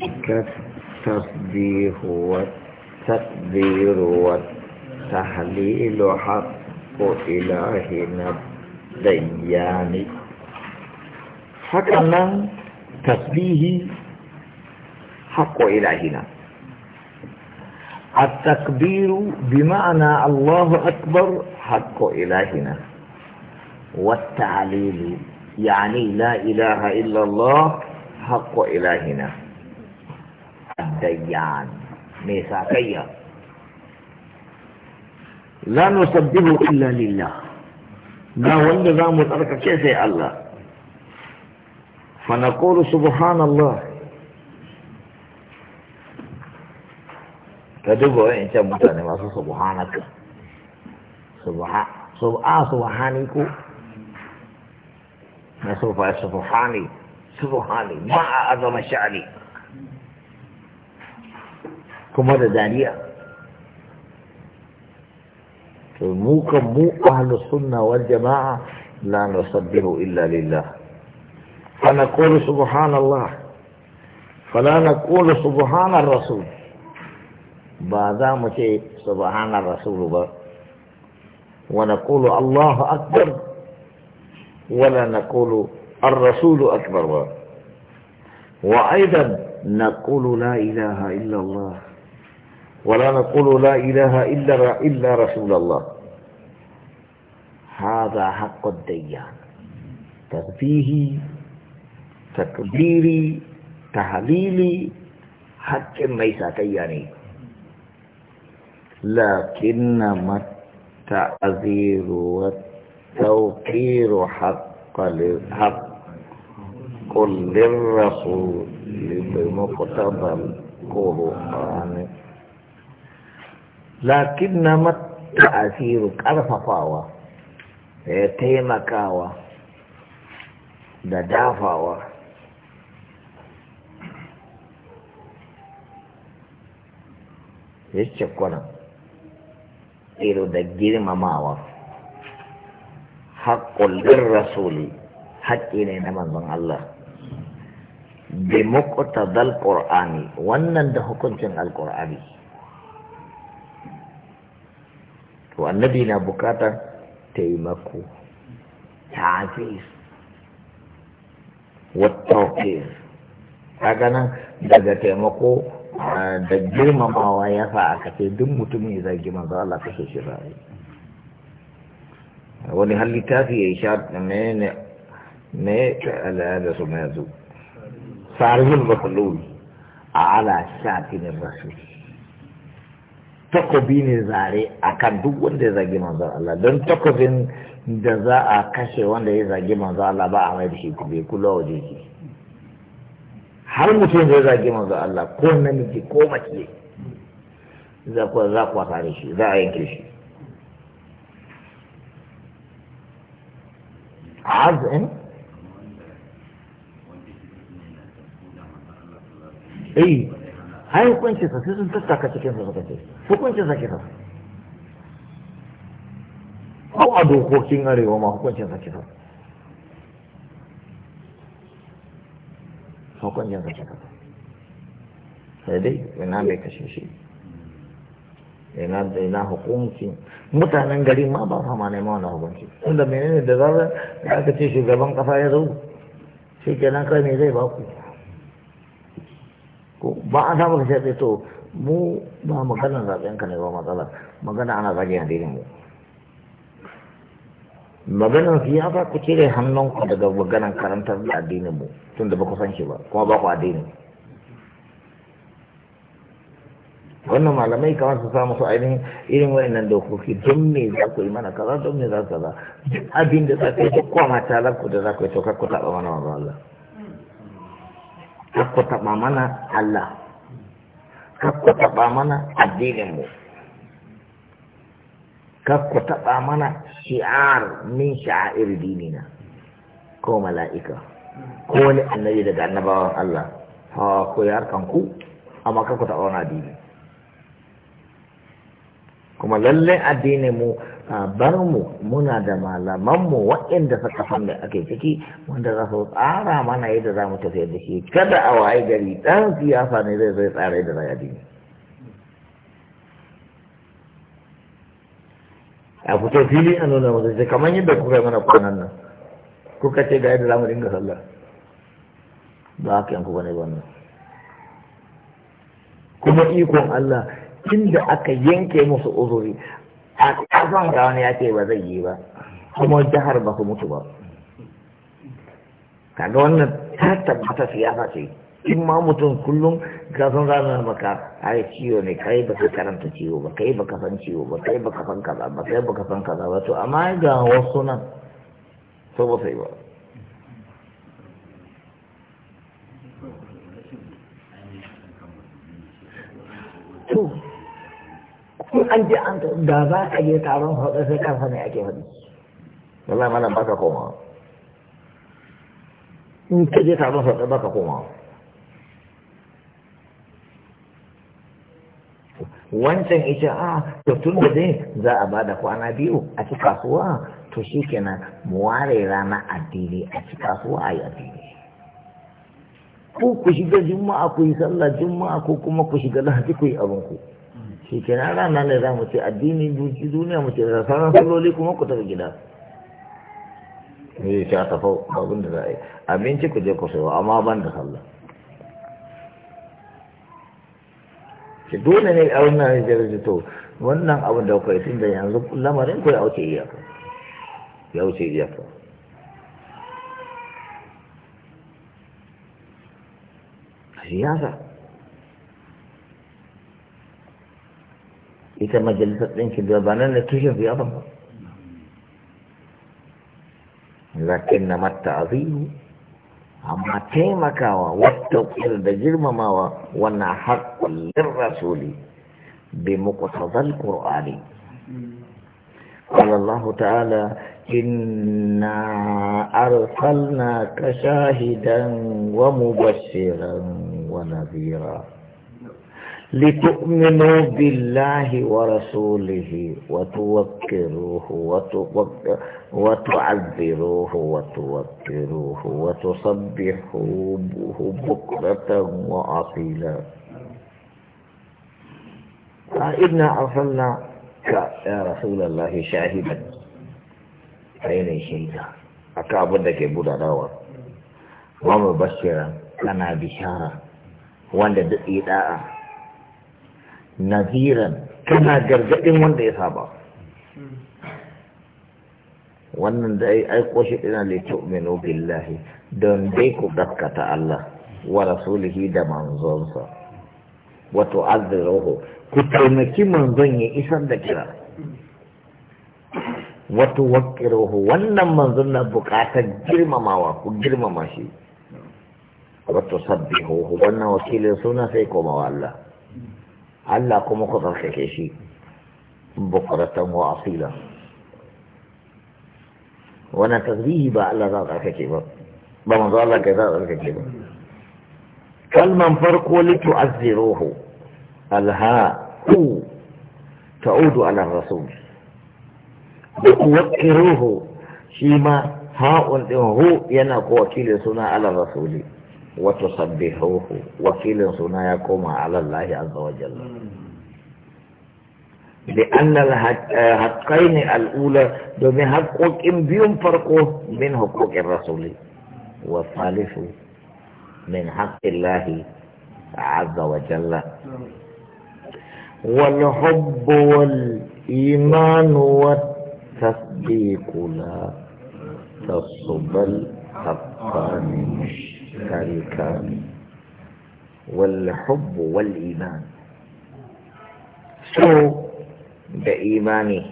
كالتسبيح والتكبير والتحليل حق إلهنا الديان هكذا تسبيح حق إلهنا التكبير بمعنى الله أكبر حق إلهنا والتعليل يعني لا إله إلا الله حق إلهنا الديان ميثاقية لا نصدقه إلا لله لا والنظام تركك كيف يا الله فنقول سبحان الله kadubo in can mutane masu subhanaka su a subhani ko na sufa subhani subhani ma a azama sha'ani kuma da dariya to mu kan mu ahlu sunna wal jama'a la nusabbihu illa lillah fa naqulu subhanallah fala naqulu subhanar rasul ba za mu ce subhanar rasul ba wa naqulu allahu akbar wala naqulu الرسول أكبر وأيضا نقول لا إله إلا الله ولا نقول لا إله إلا, إلا رسول الله هذا حق الديان تنفيه تكبيري تحليلي حق ليس لكن لكنما التعذير والتوقير حق للحق قل للرسول بمقتضى القرآن lakin na mata mata'asiru ƙarfafawa da ya taimakawa da dafawa ya cikuna iru da girmamawa haƙƙullin rasuli haƙƙi ne na manzon Allah bi dal ƙor'ani wannan da hukuncin alƙur'ani to annabi na bukatar taimako ta wattauqir kaga nan daga taimako da girmamawa ya sa aka ce duk mutumin ya zagi maza Allah kashe shi rai wani har ta ya sha mene ne da su mai sarihin sarihul bakalul a ala shafinin rasuli takobi ne zare a kan duk wanda ya zagi manzon Allah don takobin da za a kashe wanda ya zagi manzon Allah ba a mai da shi kube kula waje shi har mutum da ya zagi manzon Allah ko namiji ko mace za ku za ku tare shi za a yanke shi azin eh ai hukuncinsa sai sun tattaka cikin su suka ce hukuncinsa kisa ko a dokokin arewa ma sa kisa hukuncinsa kisa sai dai ina bai kashe shi ina ina hukunci mutanen gari ma ba sa ma neman wannan hukunci inda menene da zarar da aka ce shugaban kasa ya zo shi kenan kai ne zai ba ku ba an samu ka ɗaya to mu ba maganar zaɓen ka ne ba matsala magana ana zage a dinin mu maganar ba ku cire hannunku daga maganar karantar da addinin mu tun da ba ku san shi ba kuma ba ku addini wannan malamai kamar su samu su ainihin irin wa'annan dokoki don me za ku yi mana kaza don me za ku kaza duk abin da za ku yi duk kwamata da za ku yi to kar ku taɓa mana Allah Ka taɓa mana Allah ka taɓa mana addininmu ka taɓa mana shi'ar min sha'ir dinina ko mala'ika ko wani annabi daga annabawan Allah ha ko yarkan ku amma ka taɓa wani addini kuma lalle addinin mu a bar mu muna da malaman mu waɗanda suka san da ake ciki wanda za su tsara mana yadda za mu tafiya da shi kada a waye gari ɗan siyasa ne zai zai tsara yadda za a addini a fito fili a nuna musu ce kamar yadda kuka yi mana kwanan nan kuka ce ga yadda za mu dinga sallah ba haka yanku ba ne wannan kuma ikon Allah tun da aka yanke musu uzuri a ƙasan ga wani ya ce ba zai yi ba kuma jihar ba su mutu ba kaga wannan ta tabbata siyasa ce in ma mutum kullum ka san ranar baka ai ciwo ne kai baka karanta ciwo ba kai baka san ciwo ba kai baka san kaza ba kai baka san kaza ba to amma ga wasu nan so ba sai ba to in an je an da za ka je taron hudu sai kansa ne ake hudu wallahi mana baka koma in ka je taron hudu baka koma wancan ita a ah, to tun da dai za a bada kwana biyu a ci kasuwa to shi kenan mu ware rana addini a ci kasuwa a yi addini ku ku shiga juma'a ku yi sallah juma'a ko kuma ku shiga lahadi ku yi abinku shi ke na ranar ne za mu ce addini duniya mu ce da sauran salloli kuma ku tafi gida ne eh, ya ta fau abin da za a yi abinci ku je ku sayo amma ban da sallah ki dole ne a wannan jirgi to wannan abin da kuka yi tun da yanzu lamarin ku ya wuce iyaka ya wuce iyaka siyasa كما جلس لينك بيضانا لتشف بيضانا لكن ما التعظيم أما تيمك واتقل بجرم ما وانا حق للرسول بمقتضى القرآن قال الله تعالى إنا أرسلناك شاهدا ومبشرا ونذيرا لتؤمنوا بالله ورسوله وتوكروه وتعذروه وتوكروه وتصبحوه بكرة وأصيلا آه، إنا أرسلنا يا رسول الله شاهدا أين شهيدا أكابدك بودا داور ومبشرا كما بشارة وأن دقيقة naziran kana gargadin wanda ya saba wannan da ai aiko shi dina li tu'minu billahi don dai ku gaskata Allah wa rasulihi da manzonsa wa tu'azziruhu ku taimaki manzon ya isar da kira wa tuwakkiruhu wannan manzon na bukatar girmamawa ku girmama shi wa tusabbihuhu wannan wakilin suna sai komawa Allah Allah kuma ku tsarkake shi bukuratan wa asila wannan tasbihi ba Allah za tsarkake ba ba manzo Allah kai za tsarkake ba kalman farko litu azziruhu alha ku ta'udu ala rasul da ku kuwakiruhu shi ma ha'un din hu yana ko wakilin suna ala rasuli وتسبحوه وكيل سنا يقوم على الله عز وجل لأن الحقين الأولى دون حقوق بيوم فرقه من حقوق الرسول وصالف من حق الله عز وجل والحب والإيمان والتصديق لا تصب الحقاني تلك والحب والإيمان سوء بإيمانه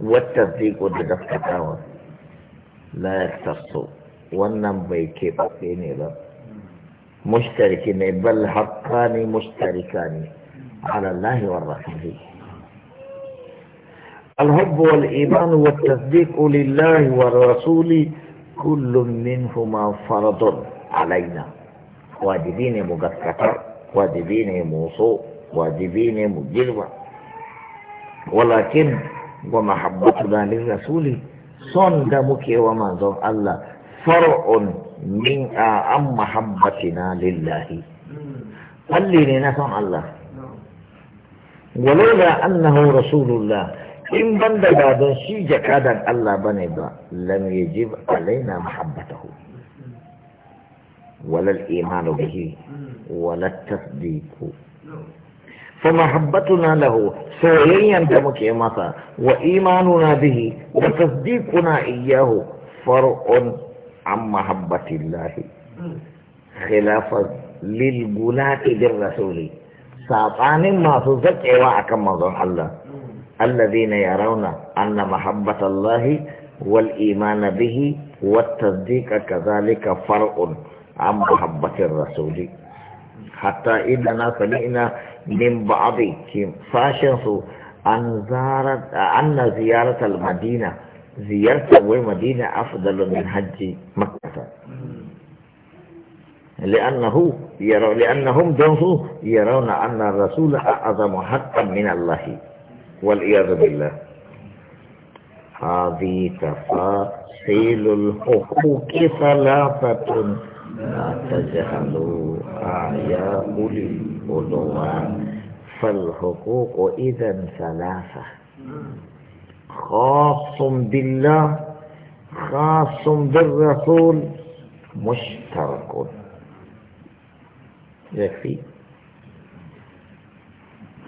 والتصديق والدفع التاور لا يختصوا ونم بيكي بقيني لب مشتركين بل حقاني مشتركاني على الله والرحمة الحب والإيمان والتصديق لله والرسول كل منهما فرض alaina wajibi ne mu gaskatar wajibi ne mu so wajibi ne mu girma. walakin wa mahabbatu da rasuli son da muke wa manzon Allah far'un min an mahabbatina lillahi falli ne na son Allah ولولا أنه رسول الله إن بند بعد شي جكادا الله بني با لم يجب علينا محبته ولا الإيمان به ولا التصديق فمحبتنا له سويا دمك مسا وإيماننا به وتصديقنا إياه فرع عن محبة الله خلافا للغلاة بالرسول ساطان ما تزكي وعكم الله الذين يرون أن محبة الله والإيمان به والتصديق كذلك فرع عن محبة الرسول حتى إننا سمعنا من بعض فاشنسو أن, زارت أن زيارة المدينة زيارة المدينة أفضل من حج مكة لأنه يرى لأنهم جنسوا يرون أن الرسول أعظم حقا من الله والعياذ بالله هذه تفاصيل الحقوق ثلاثة تجعلوا أعياء أولي أدوان فالحقوق إذا ثلاثة خاص بالله خاص بالرسول مشترك يكفي